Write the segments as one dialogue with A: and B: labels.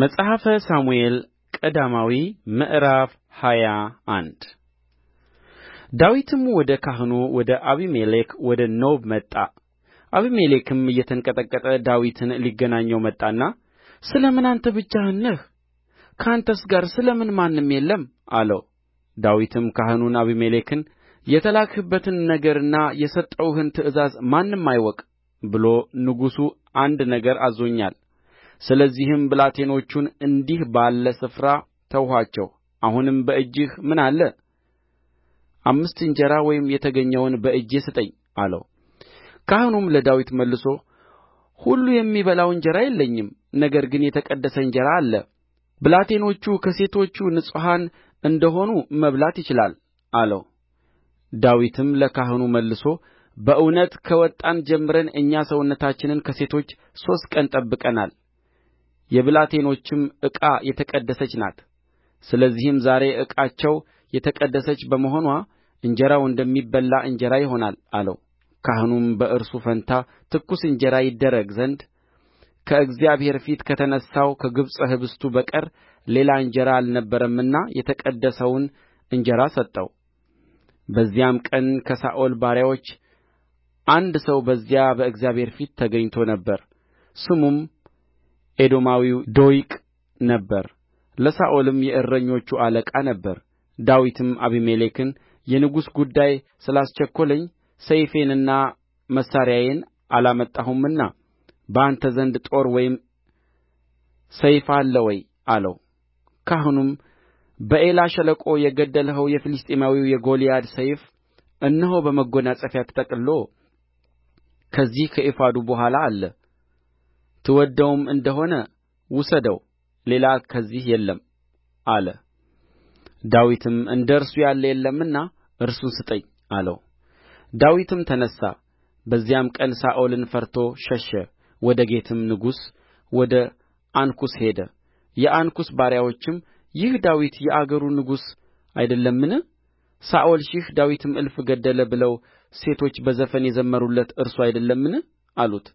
A: መጽሐፈ ሳሙኤል ቀዳማዊ ምዕራፍ ሃያ አንድ ዳዊትም ወደ ካህኑ ወደ አቢሜሌክ ወደ ኖብ መጣ። አቢሜሌክም እየተንቀጠቀጠ ዳዊትን ሊገናኘው መጣና ስለ ምን አንተ ብቻህን ነህ? ከአንተስ ጋር ስለ ምን ማንም የለም? አለው። ዳዊትም ካህኑን አቢሜሌክን የተላክህበትን ነገርና የሰጠሁህን ትእዛዝ ማንም አይወቅ ብሎ ንጉሡ አንድ ነገር አዞኛል ስለዚህም ብላቴኖቹን እንዲህ ባለ ስፍራ ተውኋቸው አሁንም በእጅህ ምን አለ አምስት እንጀራ ወይም የተገኘውን በእጄ ስጠኝ አለው ካህኑም ለዳዊት መልሶ ሁሉ የሚበላው እንጀራ የለኝም ነገር ግን የተቀደሰ እንጀራ አለ ብላቴኖቹ ከሴቶቹ ንጹሐን እንደሆኑ መብላት ይችላል አለው ዳዊትም ለካህኑ መልሶ በእውነት ከወጣን ጀምረን እኛ ሰውነታችንን ከሴቶች ሦስት ቀን ጠብቀናል የብላቴኖችም ዕቃ የተቀደሰች ናት ስለዚህም ዛሬ ዕቃቸው የተቀደሰች በመሆንዋ እንጀራው እንደሚበላ እንጀራ ይሆናል አለው ካህኑም በእርሱ ፋንታ ትኩስ እንጀራ ይደረግ ዘንድ ከእግዚአብሔር ፊት ከተነሣው ከግብፅ ኅብስቱ በቀር ሌላ እንጀራ አልነበረምና የተቀደሰውን እንጀራ ሰጠው በዚያም ቀን ከሳኦል ባሪያዎች አንድ ሰው በዚያ በእግዚአብሔር ፊት ተገኝቶ ነበር ስሙም ኤዶማዊው ዶይቅ ነበረ ለሳኦልም የእረኞቹ አለቃ ነበረ ዳዊትም አቢሜሌክን የንጉሥ ጉዳይ ስላስቸኰለኝ ሰይፌንና መሣሪያዬን አላመጣሁምና በአንተ ዘንድ ጦር ወይም ሰይፍ አለ ወይ አለው ካህኑም በኤላ ሸለቆ የገደልኸው የፍልስጥኤማዊው የጎልያድ ሰይፍ እነሆ በመጐናጸፊያ ተጠቅልሎ ከዚህ ከኤፉዱ በኋላ አለ ትወድደውም እንደ ሆነ ውሰደው ሌላ ከዚህ የለም አለ ዳዊትም እንደ እርሱ ያለ የለምና እርሱን ስጠኝ አለው ዳዊትም ተነሣ በዚያም ቀን ሳኦልን ፈርቶ ሸሸ ወደ ጌትም ንጉሥ ወደ አንኩስ ሄደ የአንኩስ ባሪያዎችም ይህ ዳዊት የአገሩ ንጉሥ አይደለምን ሳኦል ሺህ ዳዊትም እልፍ ገደለ ብለው ሴቶች በዘፈን የዘመሩለት እርሱ አይደለምን አሉት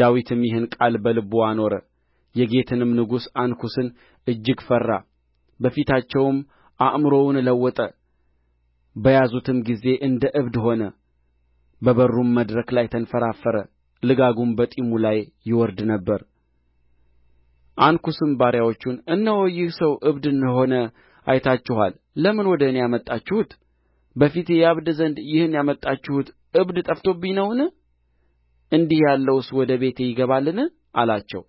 A: ዳዊትም ይህን ቃል በልቡ አኖረ የጌትንም ንጉሥ አንኩስን እጅግ ፈራ በፊታቸውም አእምሮውን ለወጠ በያዙትም ጊዜ እንደ እብድ ሆነ በበሩም መድረክ ላይ ተንፈራፈረ ልጋጉም በጢሙ ላይ ይወርድ ነበር አንኩስም ባሪያዎቹን እነሆ ይህ ሰው እብድ እንደ ሆነ አይታችኋል ለምን ወደ እኔ አመጣችሁት በፊቴ ያብድ ዘንድ ይህን ያመጣችሁት እብድ ጠፍቶብኝ ነውን እንዲህ ያለውስ ወደ ቤቴ ይገባልን አላቸው